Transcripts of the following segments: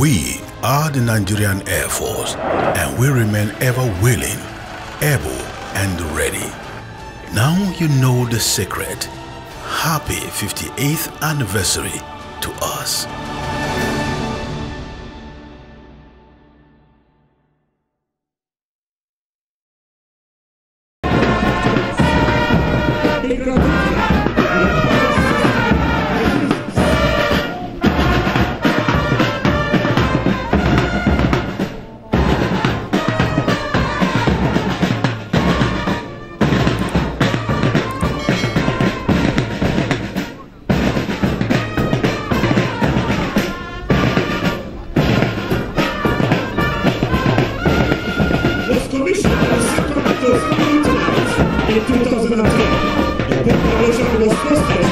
We are the Nigerian Air Force and we remain ever willing, able and ready. Now you know the secret. Happy 58th anniversary to us.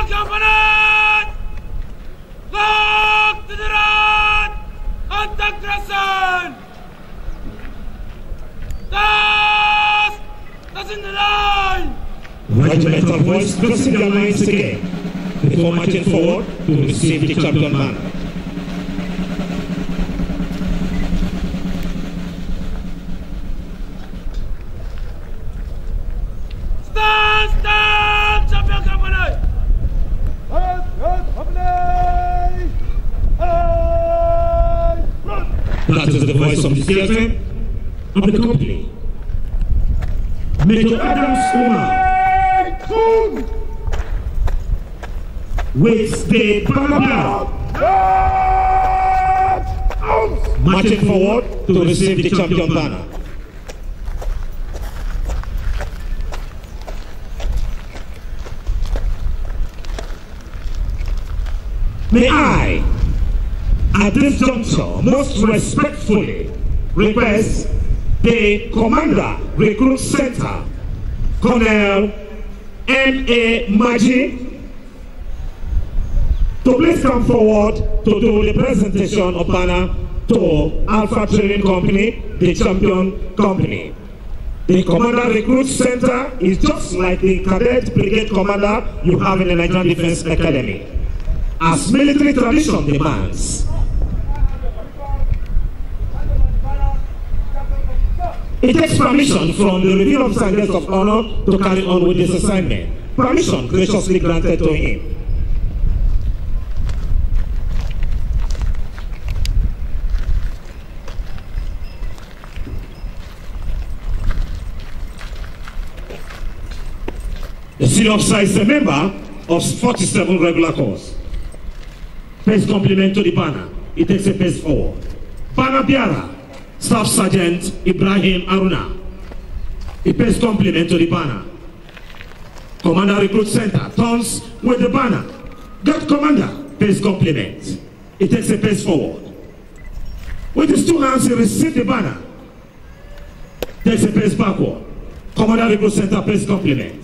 الكامبانات لا تدران أن تكرسن Das, das Regimental Voice crossing the lines again. Before marching forward, to receive the champion man. That is the voice of the theatre, of the company. Major Adams Omar with the banner marching forward to receive the champion banner. May I at this juncture most respectfully request the Commander Recruit Center, Colonel M.A. Maji, to please come forward to do the presentation of banner to Alpha Training Company, the champion company. The Commander Recruit Center is just like the Cadet Brigade Commander you have in the Nigerian Defense Academy. As military tradition demands, It takes permission from the Review of Standards of Honor to carry on with this assignment. Permission graciously granted to him. The senior officer is a member of 47 regular corps. Pays compliment to the banner. It takes a pace forward. Banner bearer, Staff Sergeant Ibrahim Aruna. He pays compliment to the banner. Commander Recruit Center turns with the banner. God Commander pays compliment. He takes a pace forward. With his two hands, he receives the banner. Takes a pace backward. Commander Recruit Center pays compliment.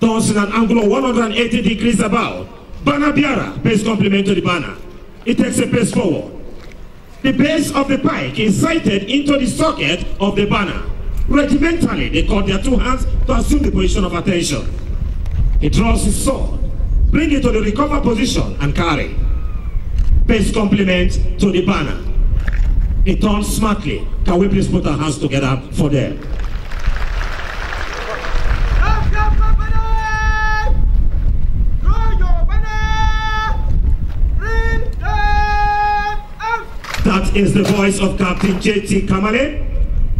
Turns in an angle of 180 degrees about. Banner bearer pays compliment to the banner. He takes a pace forward. The base of the pike is sighted into the socket of the banner. Regimentally, they cut their two hands to assume the position of attention. He draws his sword, bring it to the recover position and carry. Pays compliment to the banner. He turns smartly. Can we please put our hands together for them? That is the voice of Captain JT Kamale,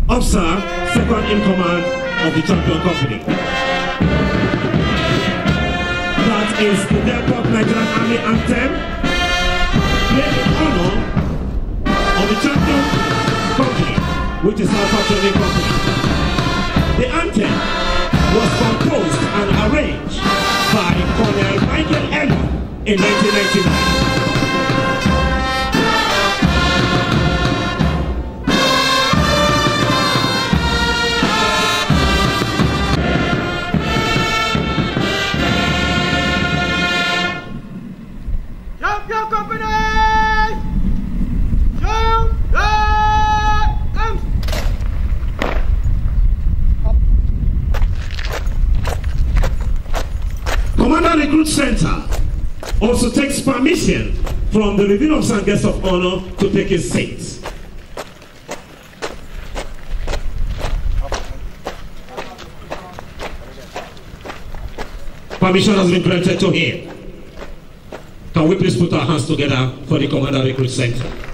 officer, second in command of the champion company. That is the Depot Nigerian Army anthem, played in honor of the champion company, which is our patrolling company. The anthem was composed and arranged by Colonel Michael Elliott in 1999. Christian from the review of some guest of honor to take his seat. Permission has been granted to him. Can we please put our hands together for the Commander Recruit Center?